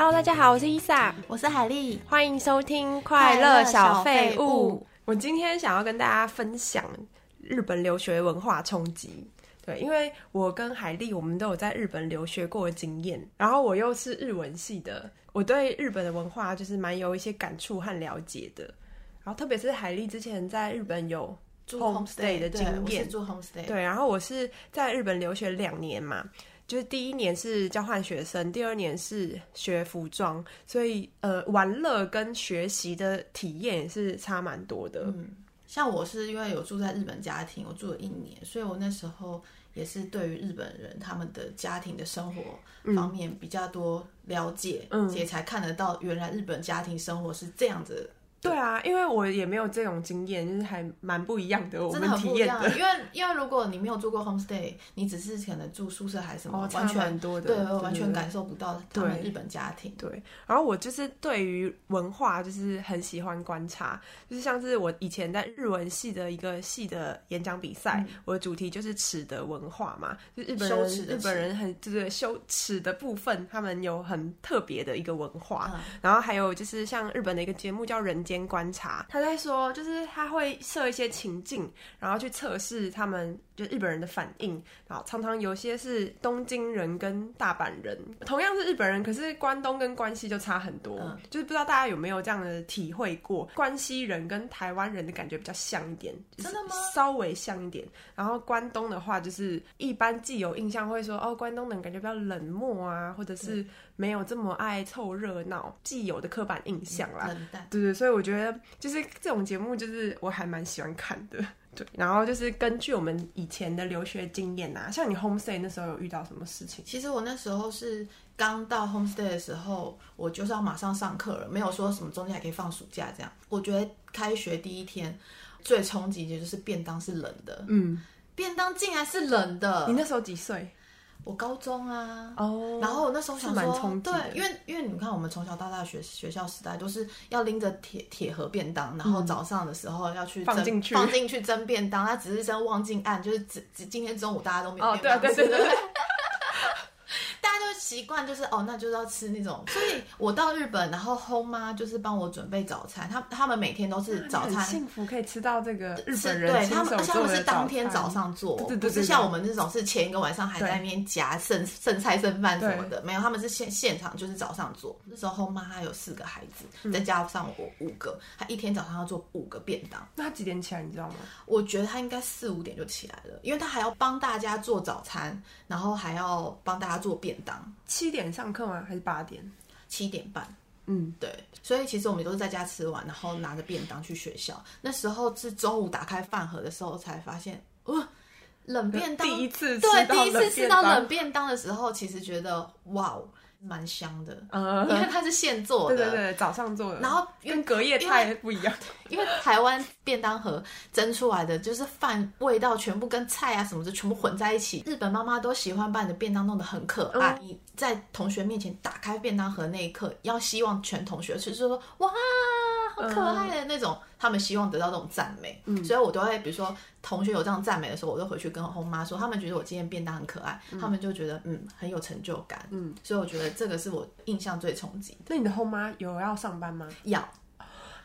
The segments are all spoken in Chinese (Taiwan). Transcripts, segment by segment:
Hello，大家好，我是依莎，我是海麗，歡迎收聽《快樂小廢物》廢物。我今天想要跟大家分享日本留學文化衝擊。對，因為我跟海麗，我們都有在日本留學過的經驗。然後我又是日文系的，我對日本的文化就是蠻有一些感觸和了解的。然後特別是海麗之前在日本有做 homestay 的經驗，做 homestay。對，然後我是在日本留學兩年嘛。就是第一年是交換學生，第二年是學服裝，所以呃，玩樂跟學習的體驗是差蠻多的。嗯，像我是因為有住在日本家庭，我住了一年，所以我那時候也是對於日本人他們的家庭的生活方面比較多了解，嗯，也才看得到原來日本家庭生活是這樣子的。對啊，因為我也沒有這種經驗，就是還蠻不一樣的，我們體驗，因為因為如果你沒有住過 homestay，你只是可能住宿舍還是什麼，完、哦、全多的，對，對，對，對，對，對，完全感受不到他們日本家庭。對，對，然後我就是對於文化就是很喜歡觀察，就是像是我以前在日文系的一個系的演講比賽、嗯，我的主題就是恥的文化嘛，就是、日本人羞日本人很就是羞恥的部分，他們有很特別的一個文化、嗯，然後還有就是像日本的一個節目叫人。先觀察，他在說，就是他會設一些情境，然後去測試他們。就日本人的反應好，常常有些是東京人跟大阪人，同樣是日本人，可是關東跟關西就差很多。嗯、就是不知道大家有沒有這樣的體會過，關西人跟台灣人的感覺比較像一點，真的嗎？稍微像一點。然後關東的話，就是一般既有印象會說哦，關東人感覺比較冷漠啊，或者是沒有這麼愛湊熱鬧，既有的刻板印象啦。嗯、對，對對，所以我覺得就是這種節目，就是我還蠻喜歡看的。然後就是根據我們以前的留學經驗啊，像你 homestay 那時候有遇到什麼事情？其實我那時候是剛到 homestay 的時候，我就是要馬上上課了，沒有說什麼中間還可以放暑假這樣。我覺得開學第一天最衝擊的就是便當是冷的，嗯，便當竟然是冷的。你那時候幾歲？我高中啊，哦、oh,，然後那時候想蠻衝擊的，對，因為因為你們看，我們從小到大學學校時代，都是要拎着鐵鐵盒便當、嗯，然後早上的時候要去放進去，放進去蒸便當，他只是蒸忘記按，就是今今天中午大家都沒有、oh,，對、啊、對、啊、對、啊、對、啊。對啊對啊 習慣就是哦，那就是要吃那種，所以我到日本，然後 Home 媽就是幫我準備早餐。他們他們每天都是早餐，啊、幸福可以吃到這個日本人對他們，而且他們是當天早上做，對對對對不是像我們這種是前一個晚上還在那邊夾剩剩菜剩飯什麼的。沒有，他們是現現場就是早上做。那時候 Home 媽她有四個孩子，再加上我五個，她一天早上要做五個便當。嗯、那她幾點起來，你知道嗎？我覺得她應該四五點就起來了，因為她還要幫大家做早餐，然後還要幫大家做便當。七點上課嗎？還是八點？七點半。嗯，對。所以其實我們都是在家吃完，然後拿着便當去學校。嗯，那時候是中午打開飯盒的時候才發現，呃，冷便當。第一次吃對，第一次吃到冷便當的時候，其實覺得哇。蠻香的，uh, 因為它是現做的，對對對，早上做的，然後跟隔夜菜不一樣，因，因為台灣便當盒蒸出來的就是飯味道全部跟菜啊什麼的全部混在一起。日本媽媽都喜歡把你的便當弄得很可愛，uh. 你在同學面前打開便當盒那一刻，要希望全同學吃就是說哇。嗯、可愛的那種，他們希望得到這種讚美、嗯，所以我都會比如說，同學有這樣讚美的時候，我就回去跟後媽說，他們覺得我今天便當很可愛、嗯，他們就覺得嗯很有成就感，嗯，所以我覺得這個是我印象最衝擊。那你的後媽有要上班嗎？要。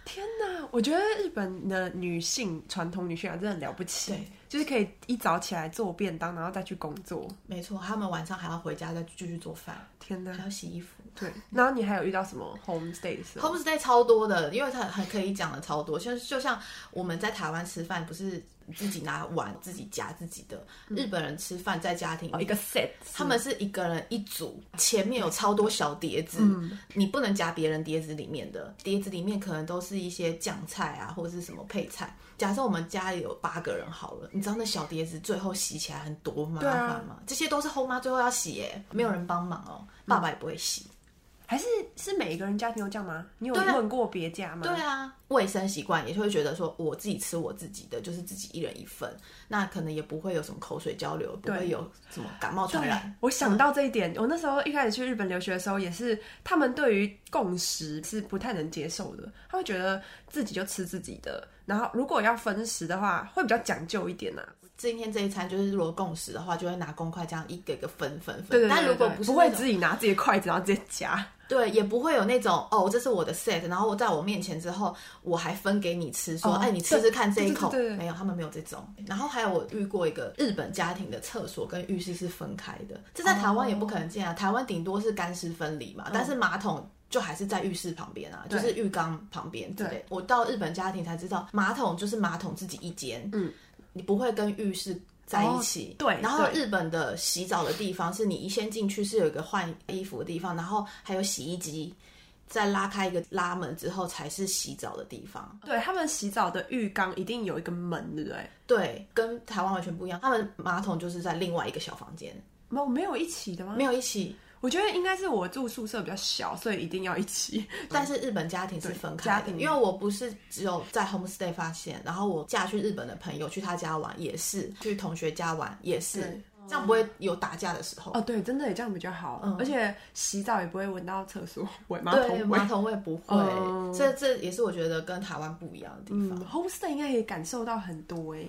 天哪，我覺得日本的女性傳統女性啊，真的很了不起，對，就是可以一早起來做便當，然後再去工作。沒錯，他們晚上還要回家再繼續做飯。天哪，還要洗衣服。對，然後你還有遇到什麼 homestays？homestays 超多的，因為它還可以講的超多，像就像我們在台灣吃飯，不是自己拿碗 自己夾自己的，嗯。日本人吃飯在家庭、哦，一個 set，他們是一個人一組，嗯，前面有超多小碟子，嗯，你不能夾別人碟子裡面的，碟子裡面可能都是一些醬菜啊，或者是什麼配菜。假設我們家裡有八個人好了，你知道那小碟子最後洗起來很多麻煩嗎？啊？這些都是後媽最後要洗耶，欸，沒有人幫忙哦，喔嗯，爸爸也不會洗。還是是每一個人家庭都這樣嗎？你有問過別家嗎？對，對啊，衛生習慣也就會覺得說，我自己吃我自己的，就是自己一人一份，那可能也不會有什麼口水交流，不會有什麼感冒傳染。我想到這一點， 我那時候一開始去日本留學的時候，也是他們對於共食是不太能接受的，他會覺得自己就吃自己的，然後如果要分食的話，會比較講究一點吶、啊。今天這一餐就是如果共食的話，就會拿公筷，這樣一個一個分分分。對對對對對，但如果不是，不會自己拿自己的筷子然後直接夾。對，也不會有那種哦，這是我的 set，然後我在我面前之後，我還分給你吃，說，哎、哦，你吃吃看這一口對對對對，沒有，他們沒有這種。然後還有我遇過一個日本家庭的廁所跟浴室是分開的，這在台灣也不可能見啊，哦、台灣頂多是乾濕分離嘛，但是馬桶就還是在浴室旁邊啊，嗯、就是浴缸旁邊對對。對，我到日本家庭才知道，馬桶就是馬桶自己一間，嗯，你不會跟浴室，在一起、哦，對。然後日本的洗澡的地方是你一先進去是有一個換衣服的地方，然後還有洗衣機，再拉開一個拉門之後才是洗澡的地方。對他們洗澡的浴缸一定有一個門的，哎，對，跟台灣完全不一樣。他們馬桶就是在另外一個小房間，沒、哦、沒有一起的嗎？沒有一起。我覺得應該是我住宿舍比較小，所以一定要一起。但是日本家庭是分開的，因為我不是只有在 home stay 發現，然後我嫁去日本的朋友去他家玩也是，去同學家玩也是，嗯、這樣不會有打架的時候。嗯、哦，對，真的也這樣比較好、嗯，而且洗澡也不會聞到廁所味、馬桶味，馬桶也不會。這、嗯、這也是我覺得跟台灣不一樣的地方。嗯、home stay 應該也感受到很多耶。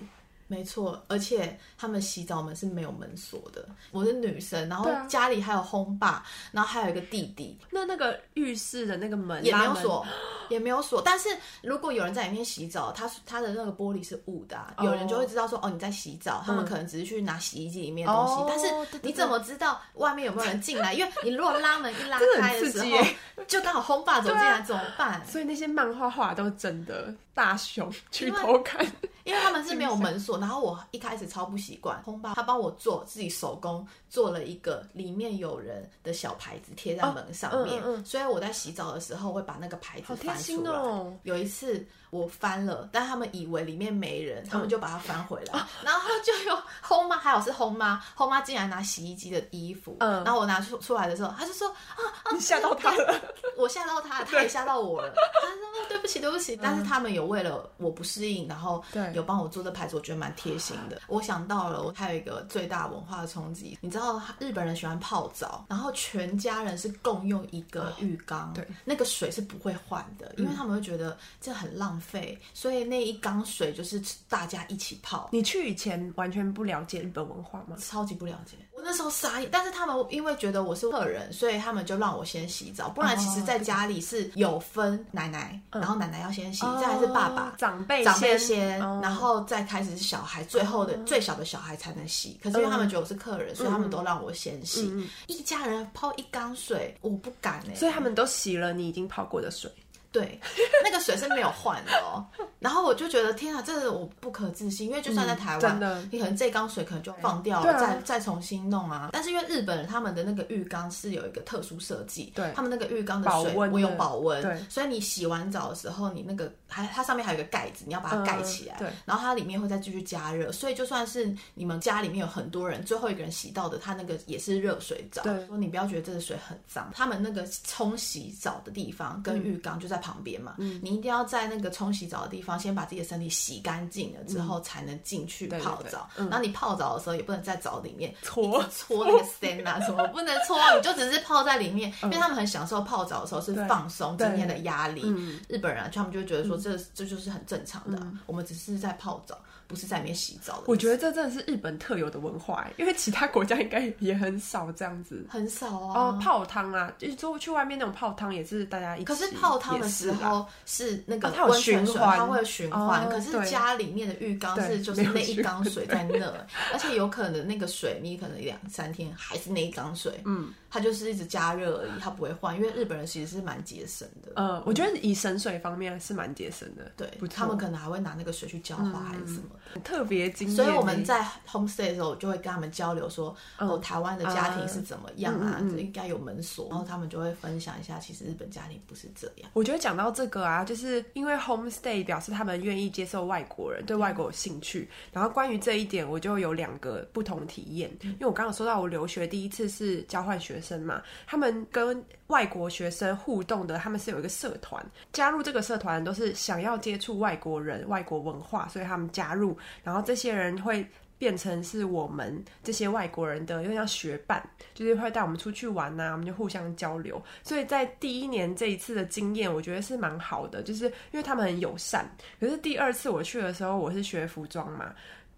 沒錯，而且他們洗澡門是沒有門鎖的。我是女生，然後家裡還有烘爸、啊，然後還有一個弟弟。那那個浴室的那個門也沒有鎖，也沒有鎖。但是如果有人在裡面洗澡，他他的那個玻璃是霧的、啊，oh. 有人就會知道說哦你在洗澡、嗯。他們可能只是去拿洗衣機裡面的東西，oh, 但是你怎麼知道外面有沒有人進來？ 因為你如果拉門一拉開的時候， 就剛好烘爸走進來、啊、怎麼辦？所以那些漫畫畫都是真的，大雄去偷看。因為他們是沒有門鎖，然後我一開始超不習慣。轟 爸他幫我做自己手工做了一個裡面有人的小牌子貼在門上面、啊嗯嗯，所以我在洗澡的時候會把那個牌子翻出來。哦、有一次我翻了，但他們以為裡面沒人，嗯、他們就把它翻回來。啊、然後就有轟媽，還有是轟媽，轟媽進來拿洗衣機的衣服、嗯，然後我拿出出來的時候，他就說啊，啊，你嚇到他了，他我嚇到他了，他也嚇到我了。他說、啊、對不起，對不起。嗯、但是他們有為了我不適應，然後對。有幫我做這牌子，我覺得蠻貼心的。我想到了，我還有一個最大文化的衝擊。你知道日本人喜歡泡澡，然後全家人是共用一個浴缸，哦、對，那個水是不會換的，因為他們會覺得這很浪費、嗯，所以那一缸水就是大家一起泡。你去以前完全不了解日本文化嗎？超級不了解。我那時候傻眼，但是他們因為覺得我是客人，所以他們就讓我先洗澡。不然，其實在家裡是有分奶奶，嗯、然後奶奶要先洗，嗯、再是爸爸，長輩長輩先、嗯，然後再開始是小孩，最後的、嗯、最小的小孩才能洗。可是因為他們覺得我是客人，所以他們都讓我先洗。嗯、一家人泡一缸水，我不敢哎、欸。所以他們都洗了你已經泡過的水。對，那個水是沒有換的哦。 然後我就覺得天啊，這是、個、我不可置信，因為就算在台灣，嗯、的你可能這缸水可能就放掉了，再、啊、再重新弄啊。但是因為日本人他們的那個浴缸是有一個特殊設計，對他們那個浴缸的水有保溫，保溫對，所以你洗完澡的時候，你那個還它，它上面還有個蓋子，你要把它蓋起來、呃。對。然後它裡面會再繼續加熱，所以就算是你們家裡面有很多人，最後一個人洗到的，他那個也是熱水澡。對。說你不要覺得這個水很髒，他們那個沖洗澡的地方跟浴缸就在。在旁邊嘛、嗯，你一定要在那個沖洗澡的地方先把自己的身體洗乾淨了之後，才能進去泡澡、嗯。然後你泡澡的時候也不能在澡裡面搓搓那個身啊 什麼，不能搓、啊，你就只是泡在裡面、嗯。因為他們很享受泡澡的時候是放鬆今天的壓力。嗯、日本人啊，他們就覺得說這、嗯、這就是很正常的、啊嗯，我們只是在泡澡。不是在裡面洗澡。我覺得這真的是日本特有的文化，因為其他國家應該也很少這樣子，很少啊，哦、泡湯啊，就是說去外面那種泡湯也是大家一起。可是泡湯的時候是，是那個溫泉水，啊，它有循環，它會有循環、哦。可是家裡面的浴缸是就是那一缸水在那，而且有可能那個水你可能兩三天還是那一缸水，嗯，它就是一直加熱而已，它不會換。因為日本人其實是蠻節省的，嗯，我覺得以省水方面是蠻節省的，對，他們可能還會拿那個水去澆花還是什麼。嗯特別驚艷，所以我們在 homestay 的時候就會跟他們交流說，說、嗯、哦，台灣的家庭是怎麼樣啊？嗯嗯嗯、這應該有門鎖，然後他們就會分享一下，其實日本家庭不是這樣。我覺得講到這個啊，就是因為 homestay 表示他們願意接受外國人對外國有興趣，嗯、然後關於這一點，我就有兩個不同體驗，因為我剛剛說到我留學第一次是交換學生嘛，他們跟。外國學生互動的，他們是有一個社團，加入這個社團都是想要接觸外國人、外國文化，所以他們加入。然後這些人會變成是我們這些外國人的，又像學伴，就是會帶我們出去玩啊，我們就互相交流。所以在第一年這一次的經驗，我覺得是蠻好的，就是因為他們很友善。可是第二次我去的時候，我是學服裝嘛，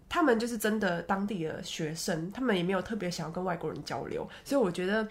他們就是真的當地的學生，他們也沒有特別想要跟外國人交流，所以我覺得。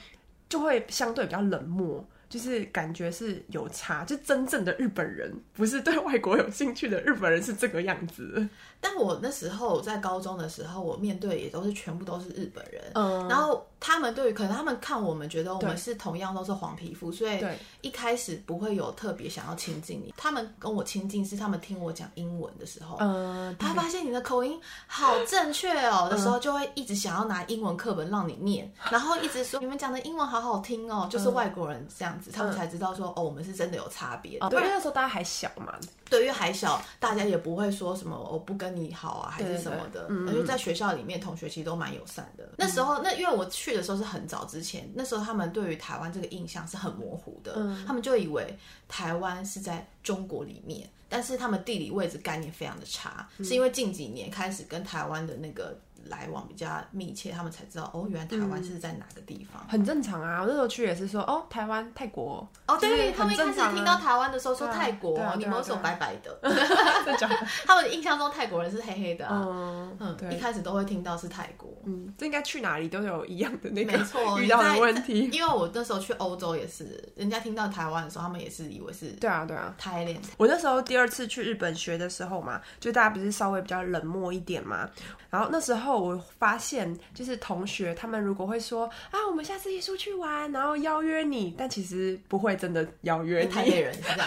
就會相對比較冷漠。就是感覺是有差，就是真正的日本人不是對外國有興趣的日本人是這個樣子。但我那時候在高中的時候，我面對也都是全部都是日本人，嗯，然後他們對於可能他們看我們覺得我們是同樣都是黃皮膚，所以對，一開始不會有特別想要親近你。他們跟我親近是他們聽我講英文的時候，嗯，他發現你的口音好正確哦，嗯，的時候就會一直想要拿英文課本讓你念，然後一直說你們講的英文好好聽哦，就是外國人這樣。他們才知道說、嗯，哦，我們是真的有差別、哦。對，因為那時候大家還小嘛，對，因為還小，大家也不會說什麼我、哦、不跟你好啊，還是什麼的。對對對嗯，嗯，就在學校裡面，同學其實都蠻友善的、嗯。那時候，那因為我去的時候是很早之前，那時候他們對於台灣這個印象是很模糊的，嗯、他們就以為台灣是在中國裡面，但是他們地理位置概念非常的差，嗯、是因為近幾年開始跟台灣的那個。來往比較密切，他們才知道哦，原來台灣是在哪個地方、嗯，很正常啊。我那時候去也是說哦，台灣、泰國哦，對、就是啊、他們一開始聽到台灣的時候說泰國，啊啊啊、你們是種白白的，啊啊啊、 他們印象中泰國人是黑黑的、啊嗯，嗯，對，一開始都會聽到是泰國，嗯。這應該去哪裡都有一樣的那個，沒錯，遇到的問題，因為我那時候去歐洲也是，人家聽到台灣的時候，他們也是以為是，對啊，對啊，台聯。我那時候第二次去日本學的時候嘛，就大家不是稍微比較冷漠一點嘛，然後那時候。然後我發現，就是同學他們如果會說啊，我們下次一起出去玩，然後邀約你，但其實不會真的邀約。台北人是這樣，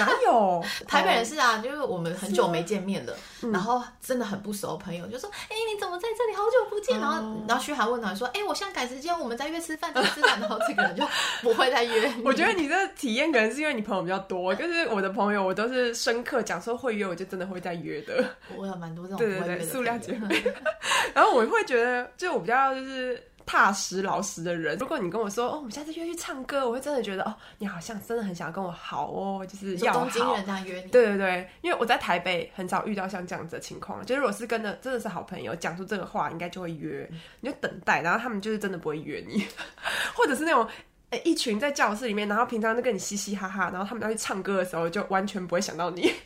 哪有？台北人是啊，就是我們很久沒見面了，啊嗯、然後真的很不熟，朋友就說，哎、欸，你怎麼在這裡？好久不見，嗯、然後然後噓寒問暖說，哎、欸，我現在趕時間，我們再約吃飯吃吃。然後這個人就不會再約你。 我覺得你這體驗可能是因為你朋友比較多，就是我的朋友，我都是深刻講說會約，我就真的會再約的。我有蠻多這種不會的對對對，塑料姐妹。 然後我會覺得，就我比較就是踏實老實的人。如果你跟我說，哦，我們下次約去唱歌，我會真的覺得，哦，你好像真的很想要跟我好哦，就是要好。東京人這樣約你，對對對，因為我在台北很少遇到像這樣子的情況。就是，如果是跟的真的是好朋友，講出這個話，應該就會約。你就等待，然後他們就是真的不會約你， 或者是那種、欸、一群在教室裡面，然後平常就跟你嘻嘻哈哈，然後他們要去唱歌的時候，就完全不會想到你。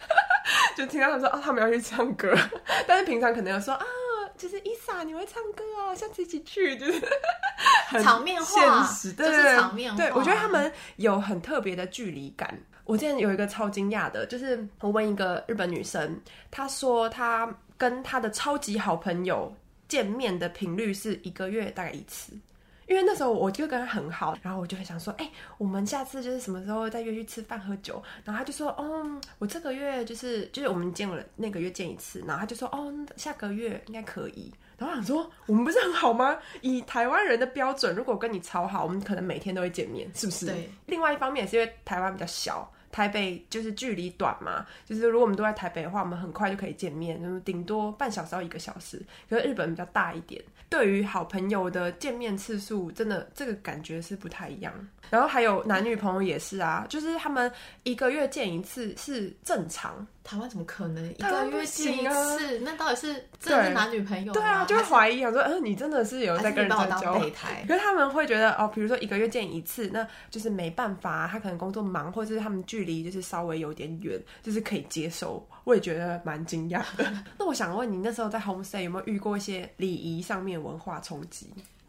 就聽到他們說啊、哦，他們要去唱歌， 但是平常可能有說啊。就是依莎，你會唱歌啊、哦，下次一起去的、就是。場面化，現實，對、就、對、是、對，我覺得他們有很特別的距離感。我之前有一個超驚訝的，就是我問一個日本女生，她說她跟她的超級好朋友見面的頻率是一個月大概一次。因為那時候我就跟他很好，然後我就會想說，哎、欸，我們下次就是什麼時候再約去吃飯喝酒？然後他就說，哦，我這個月就是就是我們見了那個月見一次，然後他就說，哦，下個月應該可以。然後我想說，我們不是很好嗎？以台灣人的標準，如果跟你超好，我們可能每天都會見面，是不是？對。另外一方面，也是因為台灣比較小。台北就是距離短嘛，就是如果我們都在台北的話，我們很快就可以見面，頂多半小時到一個小時。可是日本比較大一點，對於好朋友的見面次數，真的這個感覺是不太一樣。然後還有男女朋友也是啊，就是他們一個月見一次是正常。台灣怎麼可能一個月見一次，啊？那到底是真的是男女朋友對？對啊，就會懷疑啊，說嗯、呃，你真的是有在跟人交往？可是因為他們會覺得哦，比如說一個月見一次，那就是沒辦法，他可能工作忙，或者是他們距離就是稍微有點遠，就是可以接受。我也覺得蠻驚訝的。 那我想問你，那時候在 Homestay 有沒有遇過一些禮儀上面文化衝擊？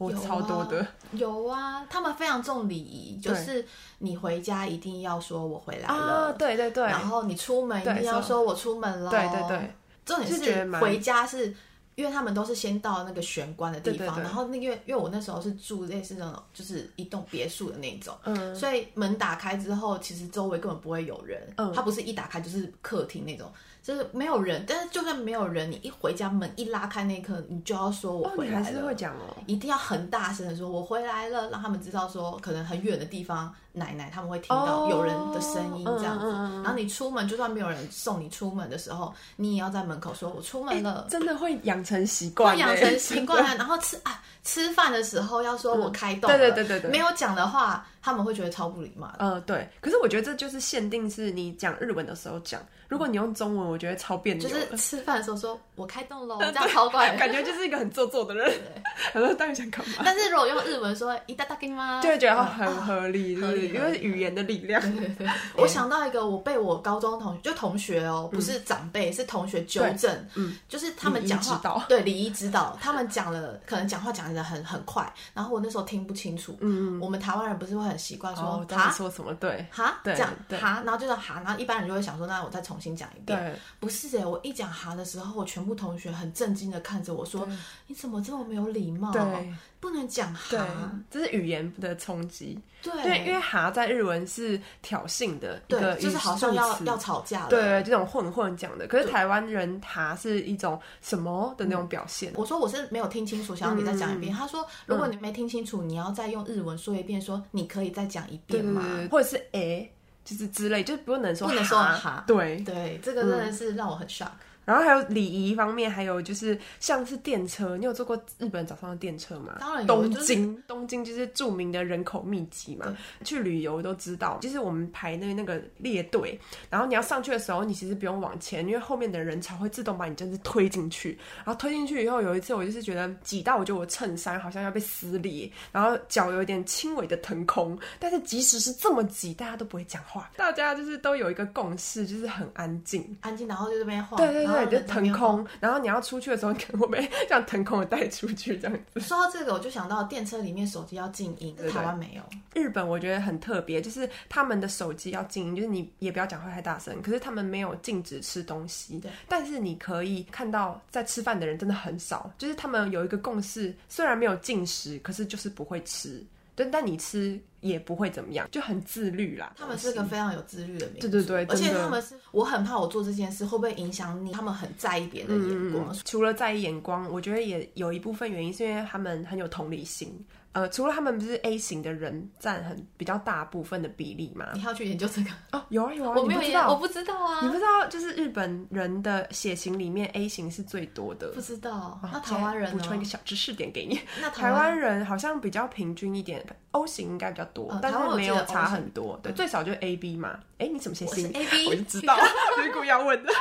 有超多的有、啊，有啊，他們非常重禮儀，就是你回家一定要說“我回來了”，啊，對對對，然後你出門一定要說“我出門了”，對對對，重點是回家是。因為他們都是先到那個玄關的地方，對對對，然後那個因，因為我那時候是住類似那種就是一棟別墅的那種，嗯，所以門打開之後，其實周圍根本不會有人。嗯，它不是一打開就是客廳那種，就是沒有人。但是就算沒有人，你一回家門一拉開那一刻，你就要說“我回來了”，哦，你還是會講哦，一定要很大聲的說“我回來了”，讓他們知道說可能很遠的地方。奶奶他們會聽到有人的聲音這樣子，oh, um, um, um, 然後你出門就算沒有人送你出門的時候，你也要在門口說“我出門了”，欸、真的會養成習慣、欸，會養成習慣啊。然後吃啊，吃飯的時候要說“我開動了、嗯”，對對對對對，沒有講的話。他們會覺得超不禮貌。呃，對。可是我覺得這就是限定，是你講日文的時候講、嗯。如果你用中文，我覺得超彆扭。就是吃飯的時候說“我開動嘍 ”，這樣超怪。感覺就是一個很做作的人。對，他說：“到底想幹嘛？”但是如果用日文說“いただきます”，就會覺得很合理、啊、合理、合理、合理，因為語言的力量。我想到一個，我被我高中同學，就同學哦、喔，嗯，不是長輩，是同學糾正。嗯，就是他們講話道對禮儀知道，他們講了，可能講話講的很很快，然後我那時候聽不清楚。嗯，我們台灣人不是會很。習慣說哈、哦，說什麼對哈講哈，然後就是哈，然後一般人就會想說，那我再重新講一遍。不是哎、欸，我一講哈的時候，我全部同學很震驚的看着我說，你怎麼這麼沒有禮貌？不能講哈，對，這是語言的衝擊。對，因為因為哈在日文是挑釁的一個，對，就是好像要要吵架了。對，這種混混講的。可是台灣人哈是一種什麼的那種表現？嗯、我說我是沒有聽清楚，想要你再講一遍、嗯。他說如果你沒聽清楚，嗯、你要再用日文說一遍。說你可以再講一遍嗎？或者是哎、欸，就是之類，就是不能說不能說哈。哈對對、嗯，這個真的是讓我很 shock。然後還有禮儀方面，還有就是像是電車，你有坐過日本早上的電車嗎？當然有東京，就是，東京就是著名的人口密集嘛，去旅遊都知道，就是我們排那那個列隊，然後你要上去的時候，你其實不用往前，因為後面的人才會自動把你就是推進去。然後推進去以後，有一次我就是覺得擠到，我覺得我襯衫好像要被撕裂，然後腳有點輕微的騰空。但是即使是這麼擠，大家都不會講話，大家就是都有一個共識，就是很安靜，安靜，然後就這邊晃。對對，對。 就騰空，然後你要出去的時候，可能會被這樣騰空的帶出去這樣子。說到這個，我就想到電車裡面手機要靜音，台灣 沒有。日本我覺得很特別，就是他們的手機要靜音，就是你也不要講話太大聲。可是他們沒有禁止吃東西，對，但是你可以看到在吃飯的人真的很少，就是他們有一個共識，雖然沒有禁食，可是就是不會吃。對，但你吃。也不會怎麼樣，就很自律啦。他們是個非常有自律的民族。對對對，而且他們是我很怕我做這件事會不會影響你。他們很在意別人的眼光。嗯，除了在意眼光，我覺得也有一部分原因是因為他們很有同理心。呃，除了他們不是 A 型的人占很比較大部分的比例嗎？你要去研究這個哦，oh, 有啊有啊，我沒有不知道，我不知道啊，你不知道就是日本人的血型裡面 A 型是最多的，不知道、啊哦？那台灣人補、哦、充一個小知識點給你，台灣人好像比較平均一點，O 型應該比較多、呃，但是沒有差很多，對，對，對，對，最少就是 A B 嘛。哎、欸，你什麼血型？AB，我就知道，故意要問的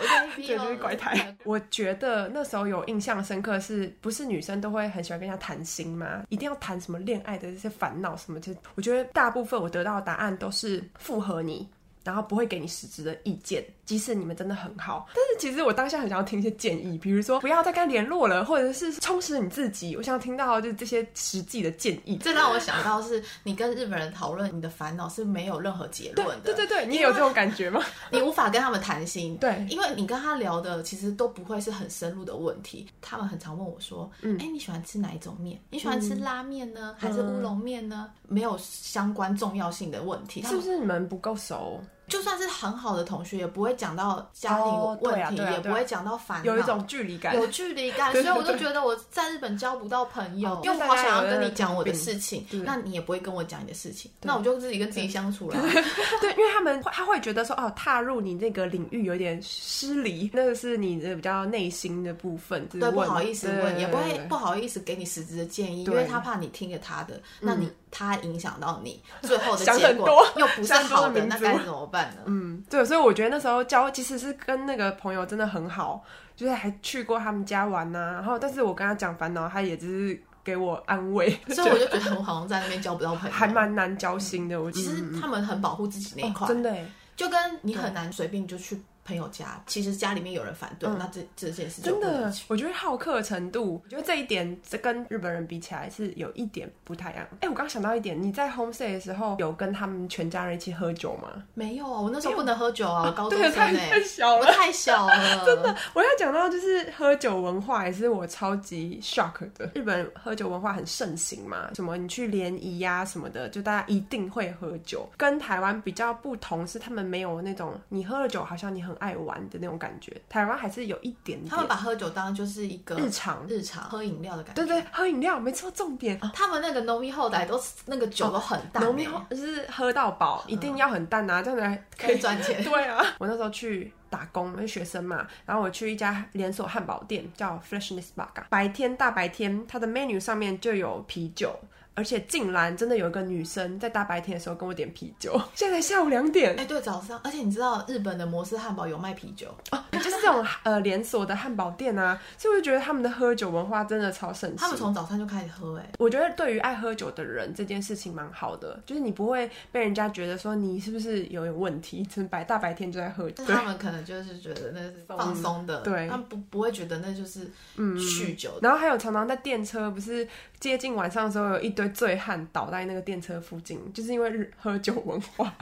，AB 對，就是怪胎。我，哦、 我覺得那時候有印象深刻是，是不是女生都會很喜歡跟人家談心嗎？一定。要談什麼戀愛的這些煩惱什麼？就我覺得大部分我得到的答案都是附和你。然後不會給你實質的意見，即使你們真的很好，但是其實我當下很想要聽一些建議，比如說不要再跟他聯絡了，或者是充實你自己。我想要聽到就這些實際的建議。這讓我想到是，是你跟日本人討論你的煩惱是沒有任何結論的。對對,對對，你也有這種感覺嗎？你無法跟他們談心。對，因為你跟他聊的其實都不會是很深入的問題。他們很常問我說：“嗯，哎，你喜歡吃哪一種面？你喜歡吃拉面呢，還是烏龍面呢？”嗯，沒有相關重要性的問題。是不是你們不夠熟？就算是很好的同學，也不會講到家庭問題、哦啊啊啊啊，也不會講到煩惱，有一種距離感，有距離感，所以我就覺得我在日本交不到朋友，因為我好想要跟你講我的事情，嗯，那你也不會跟我講你的事情，那我就自己跟自己相處了。對，對對，因為他們會他會覺得說哦，踏入你這個領域有點失禮，那個是你的比較內心的部分，就是，對，對，對，不好意思問，也不會不好意思給你實質的建議，因為他怕你聽了他的，那你、嗯、他影響到你最後的結果，又不是好的，想很多，是那該怎麼辦？嗯，對，所以我覺得那時候交其實是跟那個朋友真的很好，就是還去過他們家玩吶、啊。然後，但是我跟他講煩惱，他也只是給我安慰。所以我就覺得我好像在那邊交不到朋友，還蠻難交心的。嗯、我其實他們很保護自己那一塊、哦，真的，就跟你很難隨便就去。朋友家，其實家裡面有人反對，嗯、那這這件事真的，我覺得好客程度，我覺得這一點這跟日本人比起來是有一點不太一樣。哎，我剛想到一點，你在 Home Stay 的時候有跟他們全家人一起喝酒嗎？沒有，我那時候不能喝酒啊，欸、對，高中太小了，太小了。小了 真的，我要講到就是喝酒文化也是我超級 shock 的。日本喝酒文化很盛行嘛，什麼你去聯誼啊什麼的，就大家一定會喝酒。跟台灣比較不同是，他們沒有那種你喝了酒，好像你很。愛玩的那種感覺，台灣還是有一點點。他們把喝酒當就是一個日常，日常、嗯、喝飲料的感覺。對對、對，喝飲料沒錯，重點、啊。他們那個農民後代都、嗯、那個酒都很淡，農、啊、民後是、是、嗯、喝到飽，一定要很淡啊，嗯、這樣來可以賺錢。 對啊， 我那時候去打工，我們學生嘛，然後我去一家連鎖漢堡店叫 Freshness Burger，白天大白天，它的 menu 上面就有啤酒。而且竟然真的有一個女生在大白天的時候跟我點啤酒。現在下午兩點，哎、欸，對，早上。而且你知道日本的摩斯漢堡有賣啤酒哦，就是這種 呃連鎖的漢堡店啊，是不是覺得他們的喝酒文化真的超神奇？他們從早上就開始喝，哎，我覺得對於愛喝酒的人這件事情蠻好的，就是你不會被人家覺得說你是不是有點問題，從白大白天就在喝酒。他們可能就是覺得那是放鬆的，對，他們不不會覺得那就是嗯酗酒嗯。然後還有常常在電車，不是接近晚上的時候有一堆。醉漢倒在那個電車附近，就是因為喝酒文化。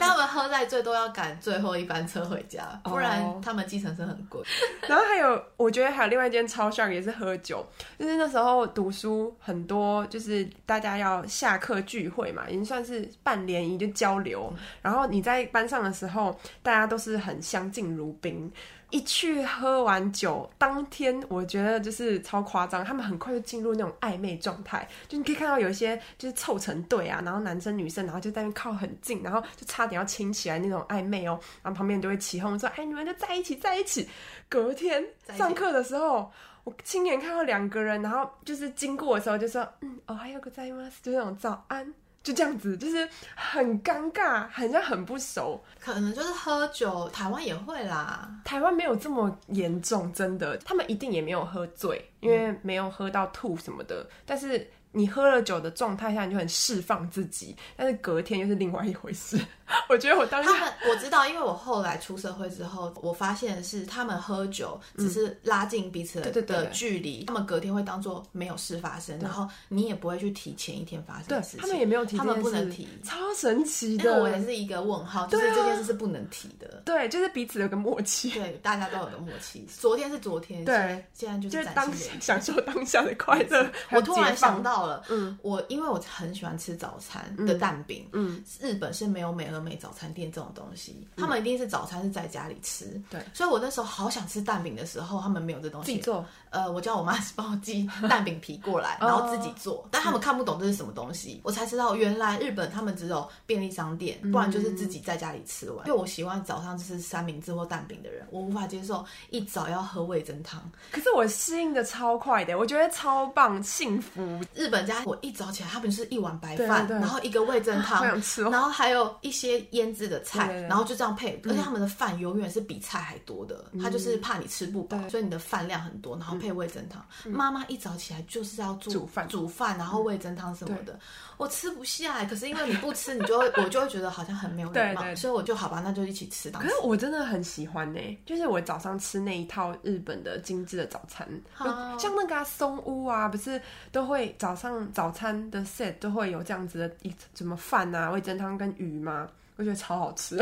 他 們喝再醉都要趕最後一班車回家，oh. 不然他們計程車是很貴。然後還有， 我覺得還有另外一間超像也是喝酒，就是那時候讀書，很多就是大家要下課聚會嘛，已經算是半聯誼就交流。然後你在班上的時候，大家都是很相敬如賓。一去喝完酒，當天我覺得就是超誇張，他們很快就進入那種曖昧狀態，就你可以看到有一些就是湊成對啊，然後男生女生，然後就在那邊靠很近，然後就差點要親起來那種曖昧哦，然後旁邊都會起鬨說：“哎，你們就在一起，在一起。”隔天上課的時候，我親眼看到兩個人，然後就是經過的時候就說：“嗯，おはようございます。”就是那種早安。就這樣子，就是很尷尬，好像很不熟。可能就是喝酒，台灣也會啦。台灣沒有這麼嚴重，真的，他們一定也沒有喝醉，因為沒有喝到吐什麼的。嗯。但是你喝了酒的狀態下，你就很釋放自己，但是隔天又是另外一回事。我覺得我當時，他們我知道，因為我後來出社會之後，我發現是他們喝酒只是拉近彼此的距離，他們隔天會當做沒有事發生，然後你也不會去提前一天發生的事，他們也沒有提，他們不能提，超神奇的，對，我也是一個問號，對，這件事是不能提的，對，就是彼此有個默契，對，大家都有個默契，昨天是昨天，對，現在就是享受當下的快樂。我突然想到了，嗯，我因為我很喜歡吃早餐的蛋餅，嗯，日本是沒有美和。沒早餐店這種東西，他們一定是早餐是在家裡吃。嗯、對，所以我那時候好想吃蛋餅的時候，他們沒有這東西。呃，我叫我媽幫我寄蛋餅皮過來， 然後自己做。哦，但他們看不懂這是什麼東西。嗯、我才知道，原來日本他們只有便利商店，嗯，不然就是自己在家裡吃完。因為我喜歡早上就是三明治或蛋餅的人，我無法接受一早要喝味噌湯。可是我適應的超快的，我覺得超棒，幸福。嗯、日本家我一早起來，他們就是一碗白飯，然後一個味噌湯、 哦，然後還有一些醃製的菜，對對對，然後就這樣配。嗯、而且他們的飯永遠是比菜還多的，他、嗯、就是怕你吃不飽，所以你的飯量很多，然後。配味噌湯，媽、嗯、媽一早起來就是要做煮飯煮飯然後味噌湯什麼的、嗯，我吃不下來、欸。可是因為你不吃，你就會 我就會覺得好像很沒有禮貌，對對對，所以我就好吧，那就一起吃。可是我真的很喜歡呢、欸，就是我早上吃那一套日本的精緻的早餐，好好像那個、啊、松屋啊，不是都會早上早餐的 set 都會有這樣子的一什麼飯啊，味噌湯跟魚嗎？我覺得超好吃，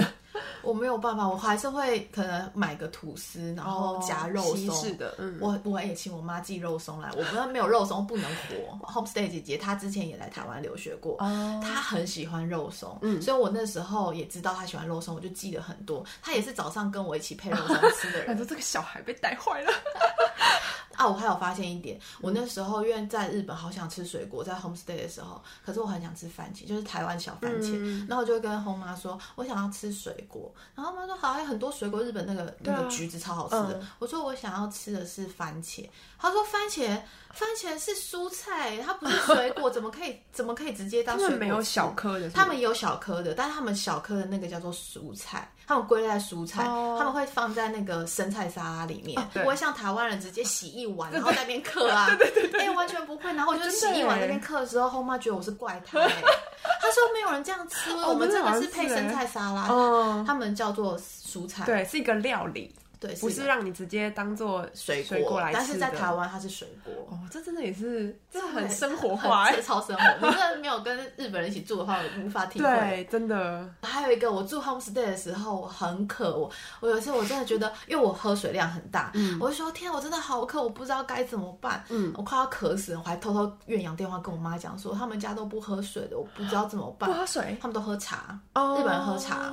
我沒有辦法，我還是會可能買個吐司，然後夾肉鬆。是、哦、的，嗯、我我也請我媽寄肉鬆來，我不能沒有肉鬆不能活。 Homestay 姐，姐姐她之前也來台灣留學過、哦，她很喜歡肉鬆、嗯，所以我那時候也知道她喜歡肉鬆，我就寄了很多。她也是早上跟我一起配肉鬆吃的人。感 覺、哎、這個小孩被帶壞了。 啊，我還有發現一點，我那時候因為在日本好想吃水果，嗯、在 homestay 的時候，可是我很想吃番茄，就是台灣小番茄、嗯。然後我就跟 homa 說，我想要吃水果，然後他說好，有、欸、很多水果，日本那個、啊、那個橘子超好吃的、嗯。我說我想要吃的是番茄，他說番茄，番茄是蔬菜，它不是水果， 怎麼可以怎麼可以直接當水果？他們沒有小顆的是不是，他們有小顆的，但是他們小顆的那個叫做蔬菜。他們歸在蔬菜，oh. 他們會放在那個生菜沙拉裡面，oh, 不會像台灣人直接洗一碗， 然後在那邊嗑啊。哎、 欸，完全不會。然後我就洗一碗，那邊嗑的時候， 後媽覺得我是怪胎，她 說沒有人這樣吃，oh, 我們真的是配生菜沙拉的，他們叫做蔬菜，oh, 對，是一個料理。對，是不是讓你直接當做水果來吃，但是在台灣它是水果。哦，這真的也是，這很，這很生活化、欸，超生活。你 真的沒有跟日本人一起住的話， 我無法體會。對，真的。還有一個，我住 homestay 的時候，我很渴，我，我有時候我真的覺得，因為我喝水量很大，嗯，我就說天、啊，我真的好渴，我不知道該怎麼辦，嗯，我快要渴死了，我還偷偷遠洋電話跟我媽講說、嗯，他們家都不喝水的，我不知道怎麼辦。不喝水，他們都喝茶。哦、oh，日本人喝茶，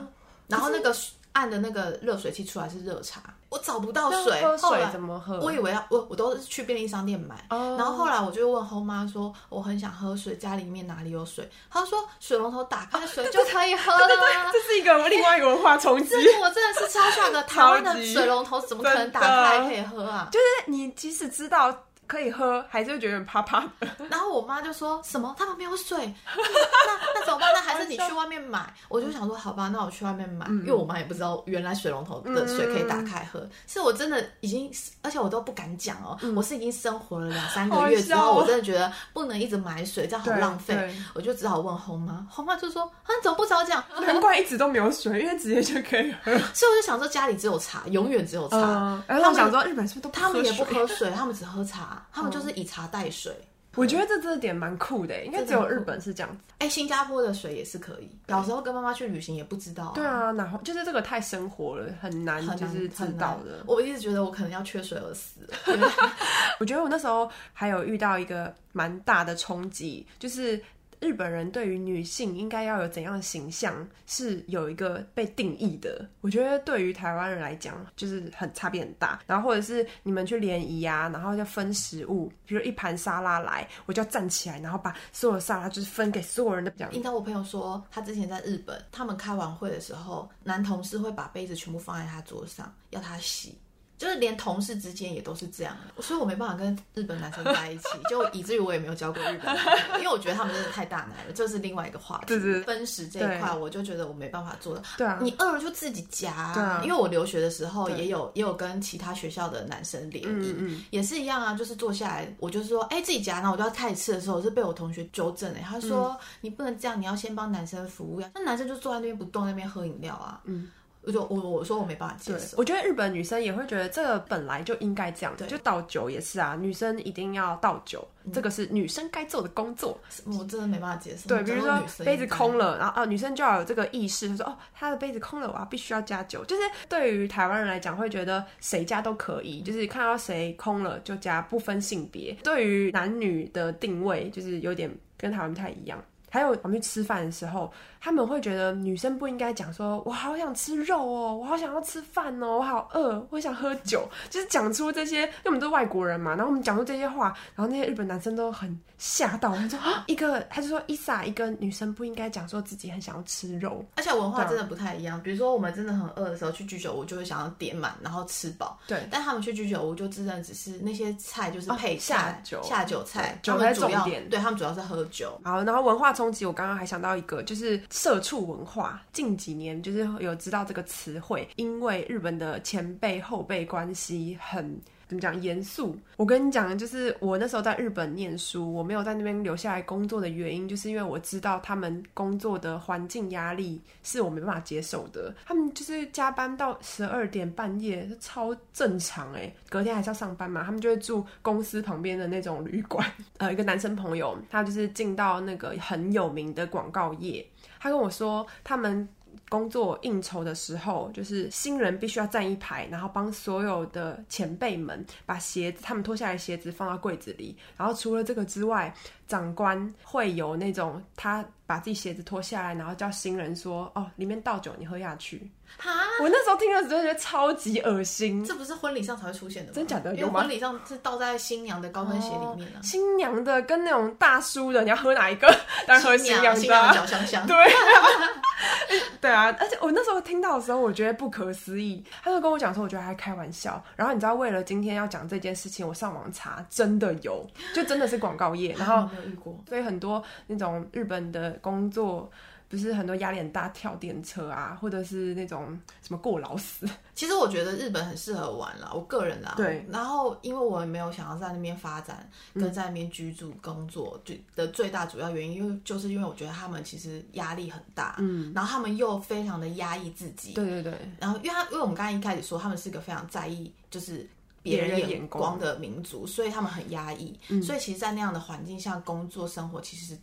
然後那個。按的那個熱水器出來是熱茶，我找不到水。後來怎麼喝？我以為要我我都去便利商店買。Oh. 然後後來我就問後媽說：“我很想喝水，家裡面哪裡有水？”她說：“水龍頭打開水就可以喝了。”啊，對對對對 這是一個另外一個文化衝擊。 我真的是超下個台灣的水龍頭怎麼可能打開可以喝啊？就是你即使知道。可以喝，還是會覺得怕怕的。然後我媽就說什麼他們沒有水，嗯、那那怎麼辦呢？那還是你去外面買？我就想說好吧，那我去外面買，嗯、因為我媽也不知道原來水龍頭的水可以打開喝。是、嗯、我真的已經，而且我都不敢講哦、喔嗯，我是已經生活了兩三個月之後，我真的覺得不能一直買水，這樣很浪費。我就只好問紅媽，紅媽就說啊、嗯，怎麼不早講？難怪一直都沒有水，因為直接就可以喝。所以我就想說家裡只有茶，永遠只有茶。嗯、他們我想說日本是不是都不？他們也不喝水，他們只喝茶。他們就是以茶代水、嗯，我覺得這這點蠻酷的，應該只有日本是這樣子。哎、欸，新加坡的水也是可以。小時候跟媽媽去旅行也不知道、啊。對啊，然後就是這個太生活了，很難就是知道的。我一直覺得我可能要缺水而死。 我覺得我那時候還有遇到一個蠻大的衝擊，就是。日本人對於女性應該要有怎樣的形象是有一個被定義的，我覺得對於台灣人來講就是很差別很大。然後或者是你們去聯誼啊，然後要分食物，比如一盤沙拉來，我就要站起來，然後把所有的沙拉就是分給所有人的這樣。聽到我朋友說，他之前在日本，他們開完會的時候，男同事會把杯子全部放在他桌上，要他洗。就是連同事之間也都是這樣，所以我沒辦法跟日本男生在一起，就以至於我也沒有交過日本男生， 因為我覺得他們真的太大男了，這、就是另外一個話題。是是分食這一塊，我就覺得我沒辦法做的。對啊，你餓了就自己夾、啊啊，因為我留學的時候也有也有跟其他學校的男生聯誼、嗯嗯，也是一樣啊，就是坐下來，我就是說哎、欸、自己夾，呢我就要開始吃的時候，我是被我同學糾正哎、欸，他說、嗯、你不能這樣，你要先幫男生服務呀、啊，那男生就坐在那邊不動，那邊喝飲料啊。嗯。我就我我說我沒辦法解釋，我覺得日本女生也會覺得這個本來就應該這樣，就倒酒也是啊，女生一定要倒酒，嗯、這個是女生該做的工作。我真的沒辦法解釋。對，比如說杯子空了，嗯、然後啊，女生就要有這個意識，她說哦，她的杯子空了，我必須要加酒。就是對於台灣人來講，會覺得誰加都可以、嗯，就是看到誰空了就加，不分性別。對於男女的定位，就是有點跟台灣不太一樣。還有我們去吃飯的時候。他們會覺得女生不應該講說“我好想吃肉哦，我好想要吃飯哦，我好餓，我想喝酒”，就是講出這些。因為我們都是外國人嘛，然後我們講出這些話，然後那些日本男生都很嚇到。他說：“啊，一個他就說，依莎，一個女生不應該講說自己很想要吃肉。”而且文化真的不太一樣。啊、比如說，我們真的很餓的時候去居酒屋，就會想要點滿，然後吃飽。對。但他們去居酒屋就自然只是那些菜就是配菜，啊、下酒下酒菜，酒才是重點。對，他們主要是喝酒。好，然後文化衝擊，我剛剛還想到一個，就是。社畜文化近幾年就是有知道這個詞彙，因為日本的前輩後輩關係很怎麼講，嚴肅。我跟你講的就是我那時候在日本念書，我沒有在那邊留下來工作的原因，就是因為我知道他們工作的環境壓力是我沒辦法接受的。他們就是加班到十二點半夜，超正常哎、欸，隔天還是要上班嘛，他們就會住公司旁邊的那種旅館。呃，一個男生朋友他就是進到那個很有名的廣告業。他跟我說，他們工作應酬的時候，就是新人必須要站一排，然後幫所有的前輩們把鞋子，他們脫下來的鞋子放到櫃子裡。然後除了這個之外，長官會有那種他。把自己鞋子脫下來，然後叫新人說：“哦，裡面倒酒，你喝下去。”蛤？我那時候聽的時候就覺得超級噁心。這不是婚禮上才會出現的嗎？真假的有嗎？婚禮上是倒在新娘的高跟鞋裡面，哦、新娘的跟那種大叔的，你要喝哪一個？當然喝新娘的，啊新娘，對，腳香香對， 對啊。而且我那時候聽到的時候，我覺得不可思議。他就跟我講說，我覺得還在開玩笑。然後你知道，為了今天要講這件事情，我上網查，真的有，就真的是廣告業。然後沒有遇過，所以很多那種日本的。工作，不是很多壓力很大，跳電車啊，或者是那種什麼過勞死。其實我覺得日本很適合玩了，我個人啦。對。然後，因為我也沒有想要在那邊發展，跟在那邊居住、工作，就的最大主要原因，因為就是因為我覺得他們其實壓力很大，嗯。然後他們又非常的壓抑自己。對對對。然後，因為他，因為我們剛剛一開始說，他們是一個非常在意就是別人眼光的民族，所以他們很壓抑，嗯。所以，其實，在那樣的環境下工作、生活，其實是。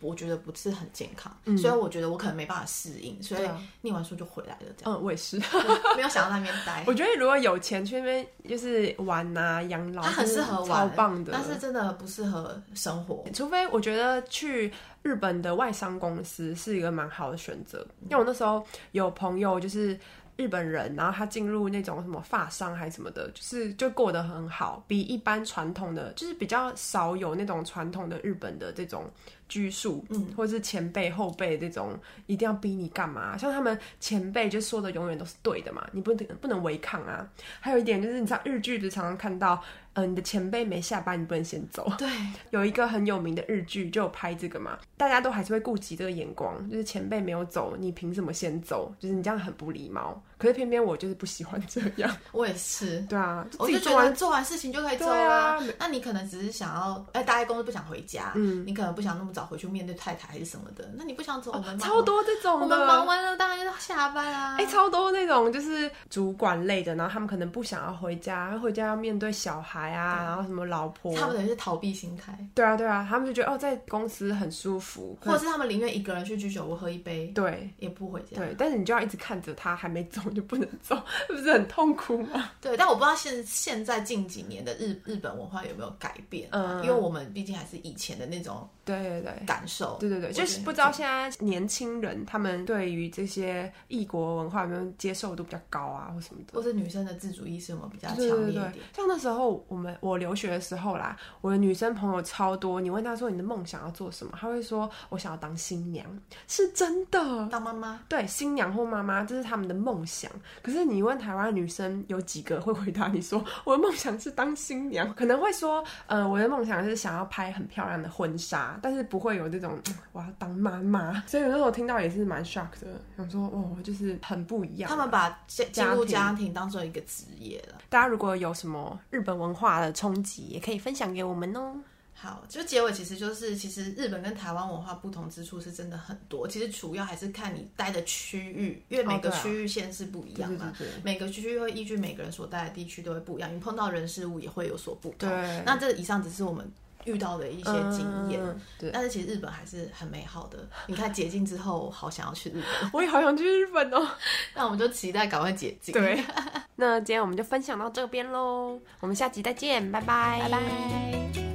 我覺得不是很健康，嗯，所以我覺得我可能沒辦法適應，嗯，所以念完書就回來了。這樣，嗯，我也是， 沒有想到那邊待。我覺得如果有錢去那邊就是玩啊，養老，它很適合玩，超棒的。但是真的不適合生活，除非我覺得去日本的外商公司是一個蠻好的選擇，嗯，因為我那時候有朋友就是。日本人，然後他進入那種什麼發商還是什麼的，就是就過得很好，比一般傳統的就是比較少有那種傳統的日本的這種拘束，嗯、或者是前輩後輩這種一定要逼你幹嘛？像他們前輩就說的永遠都是對的嘛，你不能不能違抗啊。還有一點就是，你像日劇就常常看到。呃、你的前輩沒下班，你不能先走。對，有一個很有名的日劇就有拍這個嘛，大家都還是會顧及這個眼光，就是前輩沒有走，你憑什麼先走？就是你這樣很不禮貌。可是偏偏我就是不喜歡這樣。我也是。對啊，就我就覺得做完事情就可以走啊，啊。那你可能只是想要，哎、呃，大家公司不想回家，嗯，你可能不想那麼早回去面對太太還是什麼的，那你不想走嗎、哦？超多這種，我們忙完了當然要下班啊。哎、欸，超多那種就是主管類的，然後他們可能不想要回家，回家要面對小孩。啊、嗯，然後什麼老婆，差不多是逃避心態。對啊，對啊，他們就覺得哦，在公司很舒服，或者是他們寧願一個人去居酒屋喝一杯，對，也不回家。對，但是你就要一直看着他還沒走，就不能走， 不是很痛苦嗎？對，但我不知道現在現在近幾年的日日本文化有沒有改變？嗯，因為我們畢竟還是以前的那種，對對對，感受，對對對，對對對，就是不知道現在年輕人他們對於這些異國文化有沒有接受度比較高啊，或什麼的，或者女生的自主意識有沒有比較強烈一點？對對對對，像那時候我。我們我留學的時候啦，我的女生朋友超多。你問她說，你的夢想要做什麼，她會說我想要當新娘，是真的當媽媽。對，新娘或媽媽這是她們的夢想。可是你問台灣女生有幾個會回答你說我的夢想是當新娘？可能會說，呃，我的夢想是想要拍很漂亮的婚紗，但是不會有這種、呃、我要當媽媽。所以有時候我聽到也是蠻 shock 的，想說哦，就是很不一樣。他們把進入家庭當做一個職業了。大家如果有什麼日本文化，化的衝擊也可以分享給我們哦。好，就結尾其實就是，其實日本跟台灣文化不同之處是真的很多。其實主要還是看你待的區域，因為每個區域縣市不一樣嘛，oh, 對啊，每個區域會依據每個人所待的地區都會不一樣，你碰到人事物也會有所不同。那這以上只是我們。遇到的一些經驗，嗯，對，但是其實日本還是很美好的。你看解禁之後， 好想要去日本，我也好想去日本哦。 那我們就期待趕快解禁。對，那今天我們就分享到這邊嘍，我們下集再見，拜拜，拜拜。